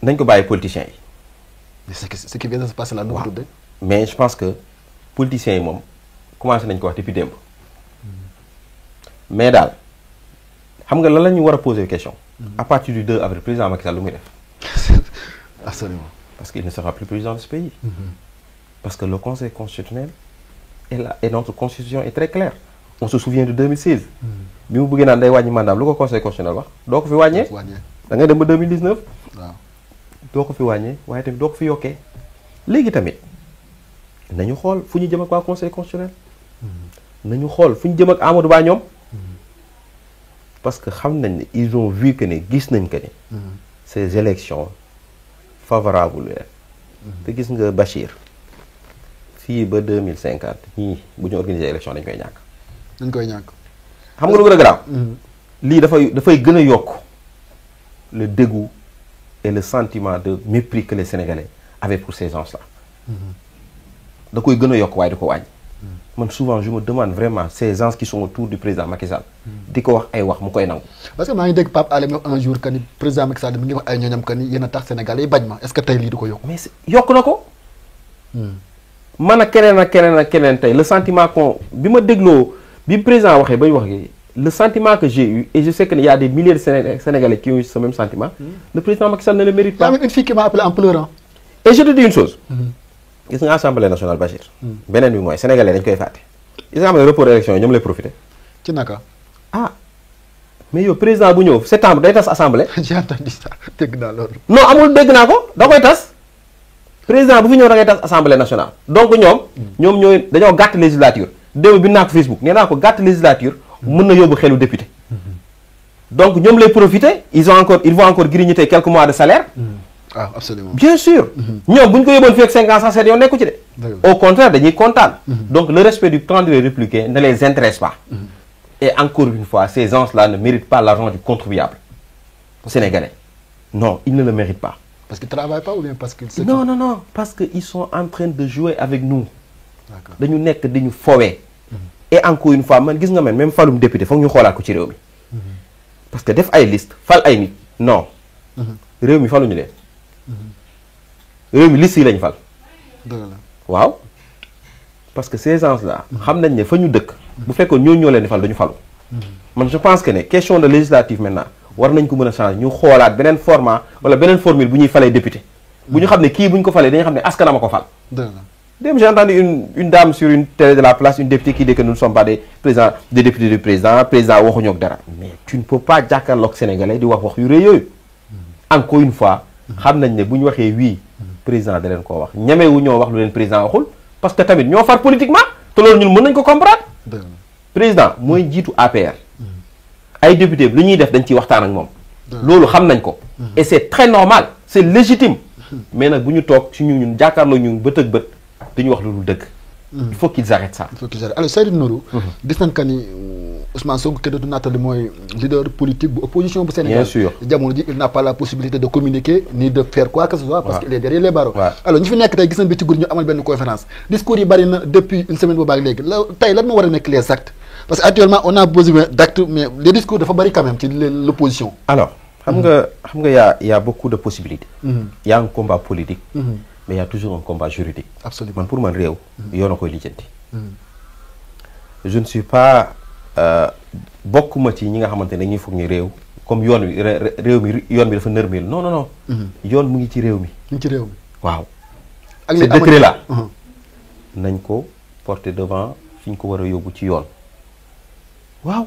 nañ ko bàyyi politiciens yi. mais ce qui ce qui vient de mais je pense que politiciens yi moom commencé nañ ko wax depuis démb. mais daal xam nga lan la ñu war a poser question. Mm-hmm. à partir du 2 avril président Macky Sall lu muy def. absolument parce qu'il ne sera plus président de ce pays. Mm-hmm. parce que le conseil constitutionnel et la et notre constitution est très claire. on se souvient de 2016. Mm-hmm. bi mu bëggee naan day wàññi mandat lu ko conseil constitutionnel wax doo ko fi wàññee. da ngay dem ba 2019. waaw doo ko fi wàññee waaye tamit doo ko fi yokkee léegi tamit nañu xool fu ñu jëm ak waa conseil hmm. nañu xool fu ñu jëm ak Amadou ñoom. Hmm. parce que xam nañ ni ils ont vu ne gis nañ ko ne. Hmm. ces élections favorables leen. te gis nga Bachir fii ba deux mille cinquante ñii bu ñu organiser élection dañ koy ñàkk. dañ koy ñàkk. xam nga lu gën a garaaw. lii dafay dafay gën a yokk. le dégoût et le sentiment de mépris que les Sénégalais avaient pour ces gens da koy gën a yokk waaye da ko wàññi. man souvent je me demande vraiment ces gens qui sont autour du président Macky di ko wax ay wax mu koy nangu. parce que maa ngi dégg Pape Alé mi un jour que président Macky Sall ngi wax ay ñooñam que ni a tax Sénégalais yi bañ ma est que tey lii du ko yokk. mais yokk na ko. Hmm. man a keneen a keneen a keneen tey le sentiment qu'on bi ma dégloo bi président waxee bay wax le sentiment que j'ai eu, et je sais qu'il y a milliers de Sénégalais qui ont eu même sentiment, mmh. président Macky Sall ne mérite pas. Il y a une fille qui m'a appelé en pleurant. Et je te dis hmm. hmm. bi mooy sénégalais dañ koy fàtte. gis nga xam ne report élection yi ñoom lay profité. ci naka. ah mais yow président bu ñëw septembre day tas assemblée. j'ai entendu ça dégg amul dégg naa ko da koy tas. président bu fi ñëw da ngay tas assemblée nationale. donc ñoom. Hmm. ñoom ñooy dañoo gàtt législature. démb bi naa ko Facebook nee naa ko gàtt législature. mën na yóbbu xelu député donc ñoom lay profiter ils ont encore ils vont encore grignoter quelques mois de salaire ah absolument bien sûr mm-hmm. ñoom bu ñu ko yóbboon fii ak cinq ans sax seen ci de au contraire dañuy kontaan mm-hmm. donc le respect du calendrier républicain ne les intéresse pas mm-hmm. et encore une fois ces gens-là ne méritent pas l'argent du contribuable sénégalais non ils ne le méritent pas parce qu'ils travaillent pas ou bien parce qu'ils parce que ils sont en train de jouer avec nous dañu nekk dañu et encore une fois man gis nga man même falum député foog ñu xoolaat ko ci réew mi parce que def ay liste fal ay nit non réew mi faluñu leen réew mi liste yi lañ fal waaw parce que ces gens là xam nañ ne fa ñu dëkk bu fekkoon ñoo ñoo leen di fal ñu falu man je pense que ne question de législative maintenant war nañ ko mën a changer ñu xoolaat beneen format wala beneen formule bu ñuy falee député bu ñu xam ne kii buñ ko falee dañu xam ne askanama ko fal j'ai entendu une, une, dame sur une télé de la place, une députée qui dit que nous ne sommes pas des, présidents, des députés du président, président Wahonyok Dara. Mais tu ne peux pas dire qu'un Sénégalais de Wahok Yureyeux. Encore une fois, nous savons que oui, président de l'Enko Nous savons que le président Wahol, parce que tamit, nous faire politiquement, nous ne pouvons comprendre. Président, moi je dis APR. Les députés, ce qu'ils font, ils parlent avec eux. Nous savons Et c'est très normal, c'est légitime. Mais nous, si nous sommes duñu wax lu dul dëgg. Mm-hmm. il faut qu'ils arrêtent ça. il faut qu'ils arrêtent alors Seydou Nourou. Mm-hmm. gis que ni euh, Ousmane Sonko kenn du nattali mooy leader politique bu opposition bu Sénégal. bien sûr jamono ji il n'a pas la possibilité de communiquer ni de faire quoi que ce soit. parce ouais. qu'il est derrière les barreaux. Ouais. ñu fi nekk tey gis nañ bi ci guddi ñu amal benn conférence discours yi bari na depuis une semaine boobaak léegi la tey lan moo war a nekk les actes parce que actuellement on a besoin xam nga mm-hmm. xam a y a beaucoup de possibilités. y mais toujours un combat juridique. absolument man pour man réew. Mm-hmm. yoon a koy lijjanti. Mm-hmm. je ne suis pas euh, ma ci ñi nga xamante ne dañuy foog ni réew comme yoon wi réew mi yoon bi dafa nërmeel non non non. Mm-hmm. yoon mu ngi ci réew mi. mu ci réew mi waaw. ak ce uh-huh. nañ ko porté devant fi ñu ko war a yóbbu ci yoon. waaw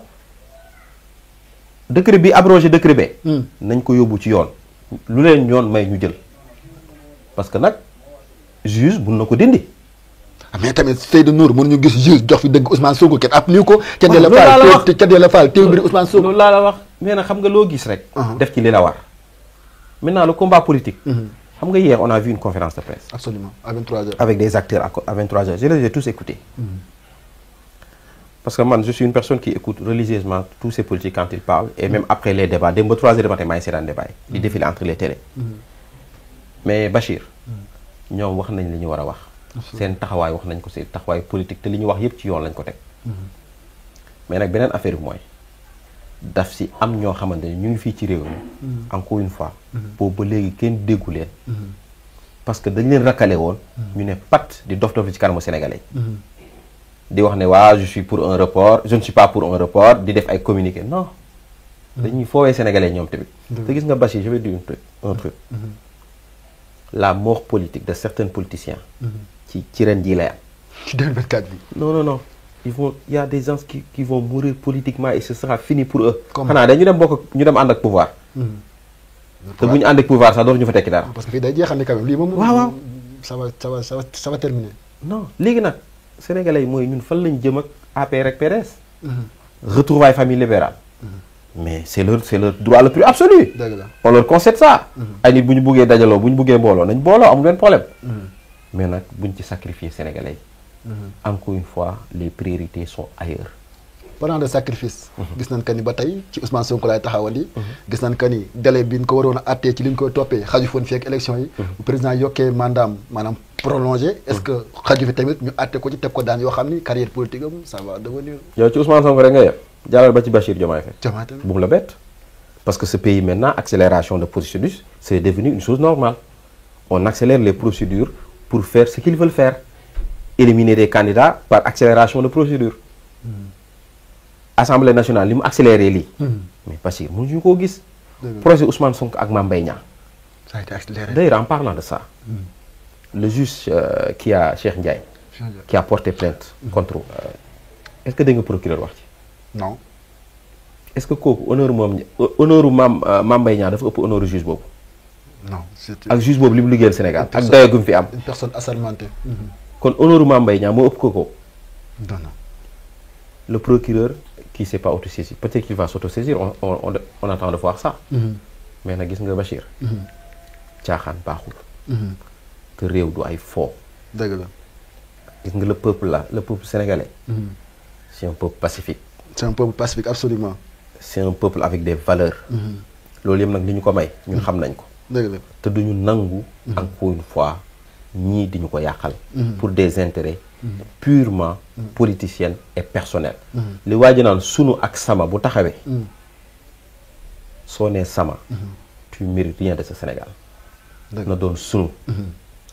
décret bi abrogé décret be. Mm. nañ ko yóbbu ci yoon. lu leen yoon may ñu jël parce que nag. juge mun na ko dindi. Ah, mais tamit Seydou Nour mën gis juge jox fi dëgg Ousmane Sonko kenn appliqué ko. waaw ah, loolu la wax ca dee la faal loolu laa la wax nee xam nga loo gis rek. Ah. def ci li la war. maintenant le combat politique. Mm-hmm. xam nga hier on a vu une conférence de presse. absolument à 23h. avec des acteurs à 23h je les ai tous écoutés. Mm-hmm. parce que man je ñoom wax nañ li ñu war a wax seen taxawaay wax nañ ko seen taxawaay politique te li ñu wax yëpp ci yoon lañ ko teg mais nag beneen affaire bi mooy daf si am ñoo xamante ne ñu ngi fii ci réew mi mm-hmm. encore une fois mm-hmm. boobu ba léegi kenn déggu leen mm-hmm. parce que dañ leen rakkale woon ñu ne pat di dof dof ci kanamu sénégalais di wax ne waa je suis pour un report je ne suis pas pour un report di def ay communiqué non dañuy foowee sénégalais ñoom tamit te gis nga Bachir je vais la mort politique de certains politiciens. Mhm. ci ci ren jii lay am. ci 2024 bi. non non il y ya des gens qui qui vont mourir politiquement et ce sera fini pour eux. xanaa dañu dem bokk ñu dem ànd ak pouvoir. Mhm. te bu ñu ànd ak pouvoir sax ñu fa tekki dara. parce que fii day jeexal ni quand même lii moom. waaw waaw léegi nag sénégalais mooy ñun fan lañu jëm ak APR ak PDS. Mhm. retrouvailles famille libérale. mais c' est leur c' leur droit le plus absolu. on leur concède ça. Mhm. ay nit bu ñu buggee dajaloo bu ñu buggee mbooloo nañ booloo amul benn problème. Mhm. mais nag buñ ci sacrifier sénégalais yi. Mhm. encore une fois les priorités sont ailleurs. parlant de sacrifice. gis nañ que ni ba tey ci Ousmane Sonko laay taxawal gis nañ que ni délai bi ñu ko waroon a àttee ci li ñu koy toppee xaju foon fii ak élection yi. bu président yokkee mandaam maanaam prolongé. est ce que xaju fi tamit ñu àtte ko jàllal ba ci Bachir Diomaye Faye bu mu la bett parce que ce pays maintenant accélération de procédures c'est devenu une chose normale on accélère les procédures pour faire ce qu'ils veulent faire éliminer des candidats par accélération de procédure mmh. assemblée nationale li mu accéléré lii mmh. mais Bachir mënuñu koo gis projet Ousmane sonk ak Mame Mbaye Niang d'ailleurs en parlant de ça hmm. le juge euh, qui a Cheikh Ndiaye qui a porté plainte hmm. contre euh, est que da nga procureur wax ci non. est ce que kooku honneur moom euh, honneuru maam euh, Mame Mbaye Niang dafa ëpp honneur juge boobu. non surtout ak juge boogu li mu liggéeyal Sénégal ak dayo fi am. Mhm. kon honneur Mame Mbaye Niang moo ëpp kooku. non le procureur qui s'est pas autosaisi peut-être qu'il va s'autosaisir on mhm. gis nga Bachir. Mhm. caaxaan baaxul. te réew du ay fo. gis nga le peuple là le peuple sénégalais. c'est un peuple pacifique. c'est un peuple pacifique absolument c'est un peuple avec des valeurs mm-hmm. loolu yëpp nag li ñu ko may ñun xam nañ ko mm-hmm. te du duñu nangu mm-hmm. encore une fois ñii di ñu ko yàqal pour des intérêts purement politiciens et personnels li waaji naan sunu ak sama bu taxawee soo nee sama tu mérites rien de ce Sénégal na doon sunu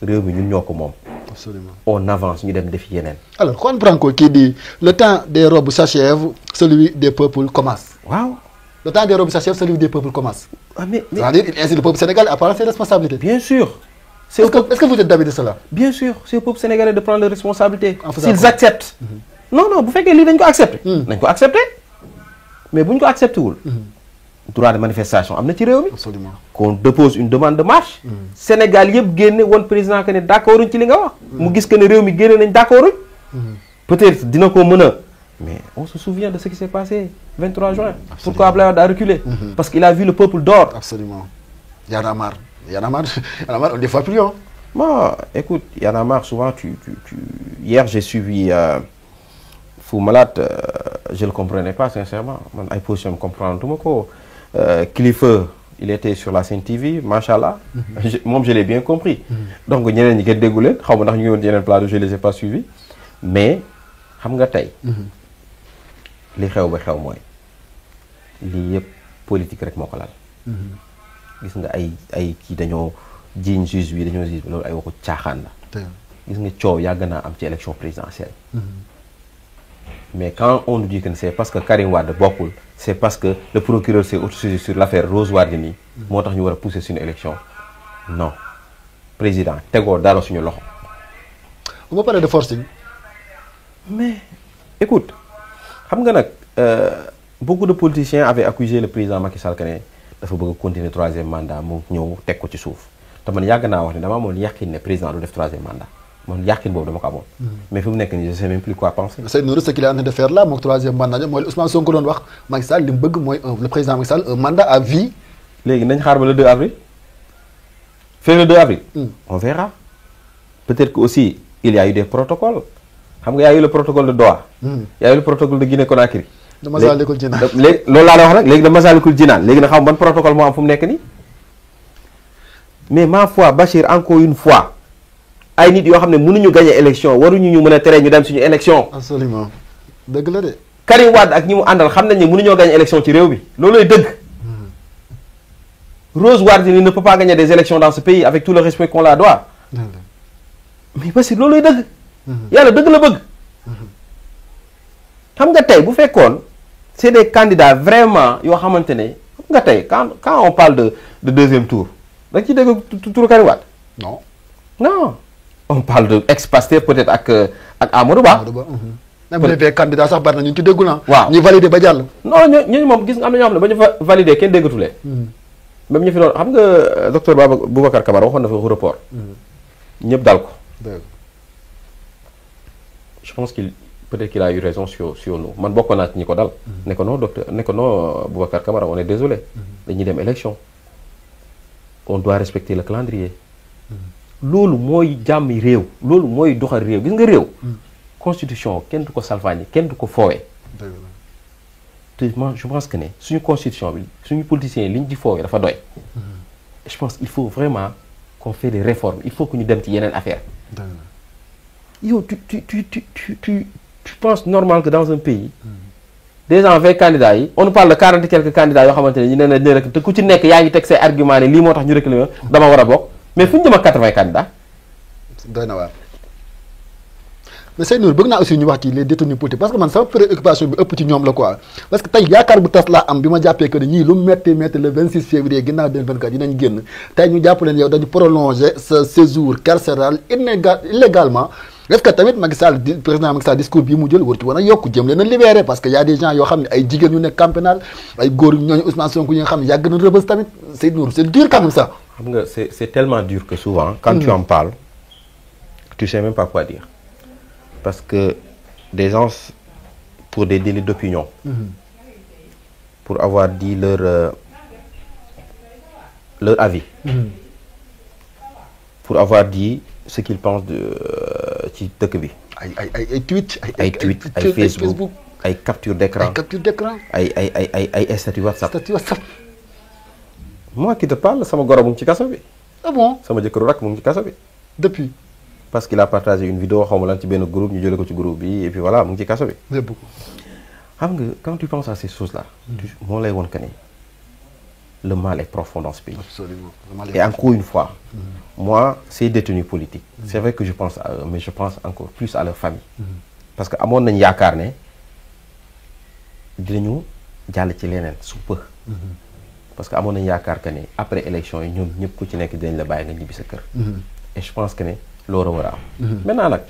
réew mi ñun ñoo ko moom Absolument. on avance ñu dem defi yeneen. alors comprend ko kii di le temps des de s'achève celui des peuples commence. waaw le temps des robes s'achève celui des peuples commence. ah mais mais c'est-à-dire il incite le peuple sénégalais à prendre ses responsabilités. bien sûr. c'est est-ce que est-ce que vous êtes d'avis de cela. bien sûr c'est au peuple sénégalais de prendre les responsabilités. en faisant s'ils acceptent. Mhm. non non bu fekkee lii dañ ko accepter. Hmm. nañ ko accepter mais buñ ko accepté wul. Hmm. droit de manifestation am na ci réew mi. absolument dépose une demande de marche. Mm. Sénégal yëpp génne woon président que ne d' accorduñ ci li nga wax. Mm. mu gis que ne réew mi génne nañ d' accorduñ. Mm. peut-être dina ko mën mais on se souvient de ce qui s' est passé 23 juin. pourquoi Abdoulaye a reculé. Mm-hmm. parce que il a vu le peuple dehors. absolument Y en a a a marre on ne voit plus Moi, écoute, Y en souvent tu j'ai suivi. Euh... Malade euh, je le comprenais pas sincèrement man ay position m tuma Euh, Kilifeu euh, il était sur la Sen TV macha allah. Mhm. moom je l'ai bien compris. Mhm. donc ñeneen ñi ngeen déggu leen xaw ma ndax ñu ngi woon yeneen plateau je les ai pas suivis mais xam nga tey. Mhm. li xew ba xew mooy lii yëpp politique rek moo ko laal. gis nga ay ay kii dañoo jiiñ juge bi dañoo juge bi loolu ay waxu caaxaan la. gis nga coow yàgg naa am ci élection présidentielle. Mais quand on nous dit que c'est parce que Karim Wade bokkul c'est parce que le procureur s'est autosaisi sur l'affaire Rose Wardini moo tax ñu war a pousser suñu élection non président tegoo dara suñu loxo. bu ma paree de forcing. mais écoute xam nga nag euh, beaucoup de politiciens avaient accusé le président Macky Sall que ne dafa bëgg a continuer troisième mandat mu ñëw teg ko ci suuf te man yàgg naa wax ni dama amoon yàqin ne président du def troisième mandat. man yàqin boobu dama ko mm-hmm. mais fi mu nekk nii je sais même plus quoi penser. Seydou Nourou ce qu'il moo en train de faire là moom troisième mandat wax Macky Sall bëgg mooy le léegi nañ xaar ba la 2 avril février 2 avril. Mm. on verra peut-être que aussi il y a eu des protocoles xam nga y la eu le protocole de Doha. Mm. y a eu le protocole de Guinée Conakry. de Massalikul Jinaan léegi loolu laa la wax rek léegi de Massalikul Jinaan léegi na xam ban protocole moo am fu nekk nii mais ma foi Bachir encore une fois. ay nit yoo xam ne mënuñu gagné élection waruñu ñu mën a tere ñu dem suñu élection. absolument dëgg la de. Karim Wade ak ñi mu àndal xam nañ ne mënuñoo gagné élection ci réew bi loolooy dëgg. Hmm. Rose Wardini ne peut pas gagner des élections dans ce pays avec tout le respect qu'on la doit. mais Bassirou loolooy dëgg. Hmm. yàlla dëgg la bëgg. Hmm. xam nga tey bu fekkoon c'est des candidats vraiment yoo xamante ne xam nga tey quand quand on parle de de deuxième tour da nga ciy dégg turu Karim on parle ex-Pastef peut-être ak euh, ak Amadou Ba. Amadou Ba mhm. même bu defee sax bari na ñu ci déggul ah. waaw ñu validé ba jàll. non ñooñu moom gis nga am na ñoo xam ne ba ñu fa validé kenn déggatu leen. Mhm. même ñu fi doon xam nga euh, docteur Baba Boubacar Camara waxoon na fa report. Mhm. ñëpp daal ko. je pense qu'il peut-être qu'il a eu raison sur sur nous man bokkoon ñi ko dal. ne ko non docteur ne ko non euh, Boubacar Camara on est désolé. dañuy dem élection. on doit respecter le calendrier. loolu mooy jàmmi réew loolu mooy doxal réew gis nga réew hmm. constitution kenn du ko salfaañi kenn du ko foowee te man je pense que ne suñu constitution bi suñu politiciens li ñu di foowee dafa doy hmm. je pense faut vraiment qu'on fait des réformes ñu dem ci yeneen affaire yow tu tu tu tu tu tu tu penses normal que dans un pays hmm. déjà vingt candidats yi on parle de quarante quelques candidats yoo xamante ne ñu ne ne ne rek te ku ci nekk yaa ngi teg say argument ne lii moo tax ñu réclamer dama war a bokk mais fu ñu jëm ak 80 candidats. doy na waar mais Seydou Nour bëgg naa aussi ñu wax ci les détenus politiques parce que man sama préoccupation bi ëpp ci ñoom la quoi parce que tey yaakaar bu tas laa am bi ma jàppee que ni ñii lu metti metti le 26 février ginnaaw 2024 dinañ génn tey ñu jàpp leen dañu prolonger sa séjour carcéral illégalement. est tamit Macky président Macky discours bii mu jël war ci war a yokk jëm leen a libéré parce a xam nga c'est c'est tellement dur que souvent quand tu mm. en parles tu sais même pas quoi dire parce que des gens pour des délits d'opinion mm-hmm. pour avoir dit leur euh, leur avis mm-hmm. pour avoir dit ce qu'ils pensent de euh, ci dëkk bi ay ay ay ay tweet ay tweet ay Facebook ay capture d'écran ay capture ay ay ay ay ay statut WhatsApp moi qui te parle sama goro mu ci kaso bi. Ah sama jëkkëru rakk mu ngi ci kaso bi. depuis. parce qu'il a partagé une vidéo xaw ma lan ci benn groupe ñu jële ko ci groupe bi et puis voilà ci kaso bi. xam nga quand tu penses à ces choses là. Mm. moo lay won que ni le mal est profond dans ce pays. encore une fois. Mm. moi ces détenus politique mm. c'est vrai que je pense à mais je pense encore plus à leur famille. parce que amoon nañ yaakaar ne dinañu jàll ci leneen su parce que amoon nañu yaakaar que ni après élection yi ñoom ñëpp ko ci nekk dinañ la bàyyi nga ñibbi sa kër. Mhm. et je pense que ne loolu war a am. Mhm. maintenant nag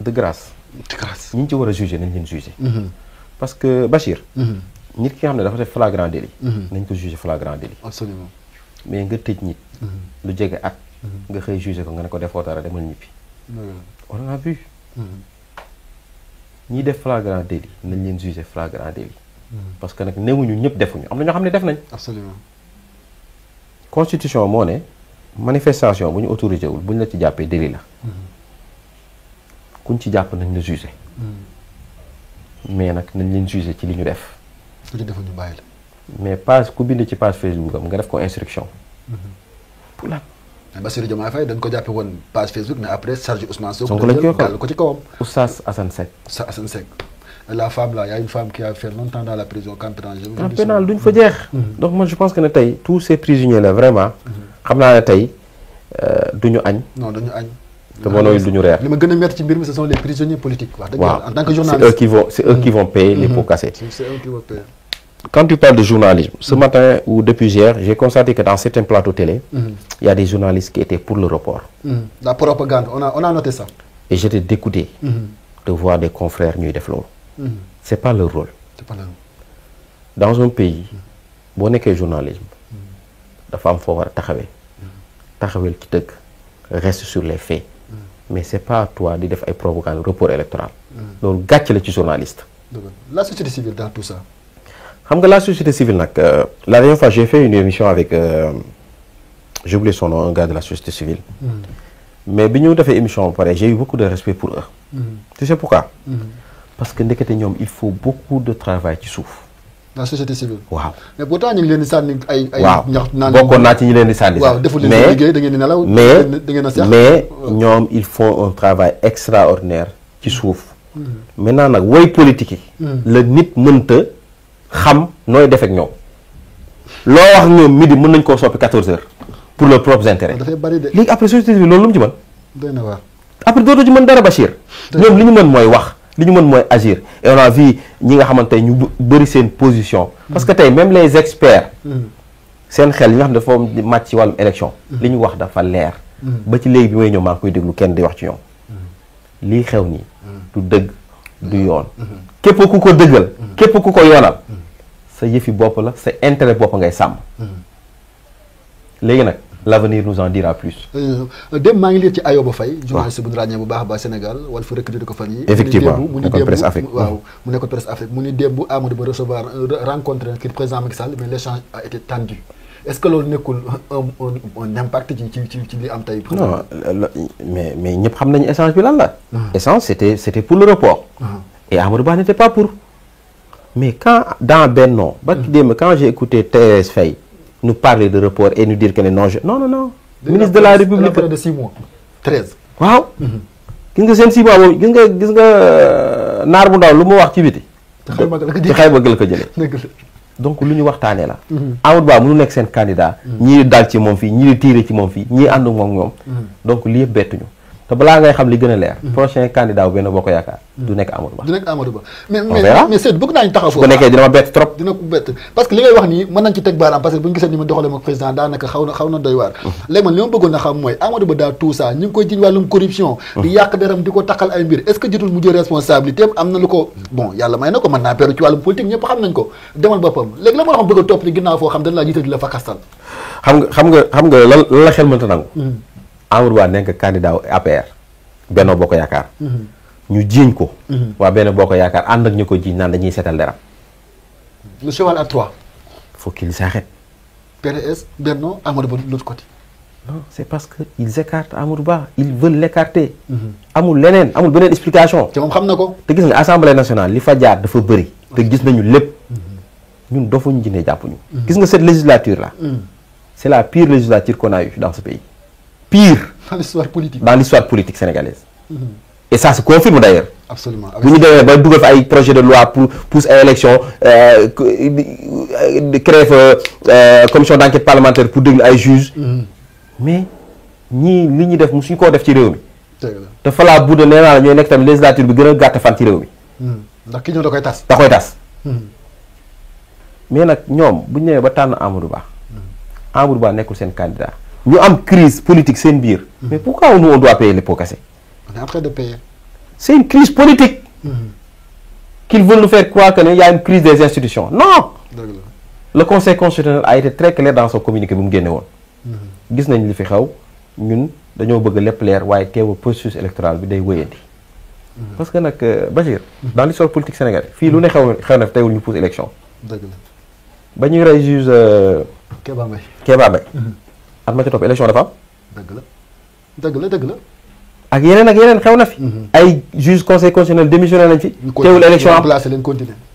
de grâce. de grâce ci war a jugé nañ leen jugé. Mhm. parce que Bachir. nit ki nga xam ne dafa def flagrant délit. nañ ko jugé flagrant délit. mais nga tëj nit. lu jege at. nga xëy jugé ko nga ne ko defoo dara demal ñibbi. on a vu. def flagrant délit nañ leen jugé flagrant parce que nag néewuñu ñëpp defuñu am na ñoo xam ne def nañ. absolument. constitution moo ne manifestation bu ñu autorisé wul bu ñu la ci jàppee délit la. Mm-hmm. kuñ ci jàpp nañ la jugé. Mm-hmm. mais nag nañ leen jugé ci li ñu def. li defuñu bàyyi la. mais page ku bind ci page Facebook am nga def ko instruction. Mm-hmm. pour la mais ko jàppe woon page Facebook mais après charge Ousmane Sonko. Sonko lañ ko ko ci kawam. Oustaz Assane Seck. Oustaz Assane la femme là y a a fait longtemps dans la prison camp pénal. camp pénal duñ fa jeex. Mhm. donc man je pense que ne tey tous ces prisonniers là vraiment. Mhm. xam naa ne tey euh, duñu añ. non duñu añ. li ma gën a métti ci mbir mi ce sont les prisonniers politiques. wax dëgg yàlla en tant que journaliste c'est eux qui vont payer les mhm. pots quand tu parles de journalisme ce matin ou depuis hier j'ai constaté que dans certains plateaux télé. y a des journalistes qui étaient pour le report. la propagande on a on ça. et j'étais dégoûté. de voir des confrères ñuy def loo Mm-hmm. c'est pas leur rôle. c'est pas leur rôle. dans un pays boo nekkee journalisme mm-hmm. dafa am foo war a taxawee. Mm-hmm. taxawel ci dëgg reste sur les faits. mais c'est pas à toi di def ay propagande report électoral. loolu gàcce la ci journaliste. la société civile dans tout ça. xam nga la société civile nag euh, la dernière fois j'ai fait une émission avec euh, j'ai son nom un la société civile. mais bi ñu defee émission pare j'ai eu beaucoup de respect pour eux. tu sais pourquoi. parce que ndekete ñoom il faut beaucoup de travail ci suuf. la société civile. waaw mais pourtant leen di sànni ay ay. ñax naa ci ñi leen di sànni. waaw deful leen liggéey da ngeen di nelaw mais mais ñoom ils font un travail extraordinaire ci suuf. Mm-hmm. Mm-hmm. maintenant nag woy politique yi. Mm-hmm. la nit mënta xam nooy defeek ak ñoom. loo wax mën nañ koo soppi 14 heures pour leurs propres intérêts. bari de léegi après loolu mu ci après dootoo ci mën dara Bachir. ñoom li ñu mën mooy wax. li ñu mën mooy agir et on ñi nga xamante ñu bëri seen position. parce que tey même les experts. Mm. seen xel yi nga xam dafa màcc ci wàllum élection. Mm. li ñu wax dafa leer. Mm. ba ci léegi bi may ñëw maa ngi koy déglu kenn di wax ci ñoom. lii xew nii. du dëgg du yoon. Mm-hmm. képp ku ko dëggal. képp ku ko yoonal. sa yëfi bopp la sa intérêt bopp ngay sàmm. léegi nag. l'avenir nous en dira plus. Euh, démb maa ngi lire ci Ayoba Faye. waaw bu ñu ràññee bu baax a baax Sénégal wala fu recruté ko fan effectivement mm-hmm. mu nekkoon presse Afrique Amadou Ba recevoir euh, rencontré kii président Macky Sall mais a été tendu est-ce que loolu nekkul un impact ci ci ci ci li am tey. non mais mais ñëpp xam nañu échange bi lan la. échange ah. c'était c'était pour le report. Ah. et Amadou Ba n'était pas pour. mais quand dans Benno. ba ki mm. démb quand j'ai écouté TS nu parler de report et nous dire que ne non je non non non. ministre de la république de six mois treize. waaw. gis nga seen six mois boobu gis nga gis nga euh, naar bu ndaw lu ma wax ci biti. te xayma gël ko jële donc lu ñu waxtaanee la. Mhm. Amadou Ba mënu nekk seen candidat. Mhm. ñii dal ci moom fii ñii di tiire ci moom fii ñii ànd moom ñoom. Mhm. donc lii yëpp bettuñu. te balaa ngay xam li gën a leer. prochain candidat wu benn boo ko yaakaar. du nekk Amadou Ba du nekk Amadou Ba. mais mais mais Seydou bëgg naa ñu taxaw foofu. bu nekkee dina ma bett trop. dina ko bett parce que li ngay wax nii mën nañ ci teg baaraam parce que bu ñu gisee ni ma doxalee ma président daanaka xaw na xaw na doy waar. Mm-hmm. léegi man li ma bëggoon a xam mooy Amadou Ba daal tout ça ñu ngi koy jiñ wàllum corruption. Mm-hmm. di yàq deram di ko takkal ay mbir est-ce que jotul mu jël responsabilité am na lu ko bon yàlla may na ko mën naa peru ci wàllum politique ñëpp xam nañ ko demal boppam léegi la ma xam bëgg a topp ni ginnaaw foo xam dañ laa jiital di la fa kastal xam nga xam nga xam nga lan la xel mënta nangu mm-hmm. Amadou Ba nekk candidat wu APR Benno Bokk Yaakaar. Mhm. ñu jiiñ ko. Mhm. waa Benno Bokk Yaakaar ànd ak ñu ko jiiñ naan dañuy seetal deram. le cheval à trois. faut qu'il s'arrête. PDS Benno Amadou que ils écartent Amadou Ba ils mhm. amul leneen amul beneen explication. te moom xam na ko. te gis nga assemblée nationale li fa jaar dafa bëri. te gis nañu lépp. ñun dofuñu jinne jàppuñu. gis nga cette législature la c'est la pire législature qu'on a eue dans ce pays. pire. dans l'histoire politique dans politique sénégalaise. Mm -hmm. et ça se confirme d'ailleurs. bu ñu demee ba dugal fa ay projet de loi pour pousse ay élection euh, euh, créer fa euh, commission d'enquête parlementaire pour déglu ay juges. Mm -hmm. mais ñii li ñu def mosuñu koo def ci réew mi. te fa laa budde nee naa la ñooy nekk tamit législature bi gën a gàtt fan ci réew mi. Mm-hmm. ndax ki ñëw da koy tas. da koy tas. Mm-hmm. mais nag ñoom bu ñëwee ba tànn Amadou Ba. Mm-hmm. Amadou Ba nekkul seen candidat. ñu am crise politique seen biir. Mm-hmm. mais pourquoi nous on doit payer les pots cassés. de payer. c'est une crise politique. Mm-hmm. qu'ils veulent nous faire croire que ne y a une crise des institutions non. le conseil constitutionnel a été très clair dans son communiqué bi mu génne woon. Mm-hmm. gis nañ li fi xew ñun dañoo bëgg lépp leer waaye teewul processus électoral bi day wéyandi. parce que nag euh, Bachir. dans l'histoire politique sénégal fii lu ne xew xew na fi teewul ñu pousse élection. dëgg la ba ñuy rey juge. Euh, Kéba Mbaye at ma ca topp élection dafa am. dëgg la dëgg la dëgg la. ak yeneen ak yeneen xew na fi. Mhm. ay juge conseil constitutionnel démissionné nañ fi. teewul élection am ñu leen continué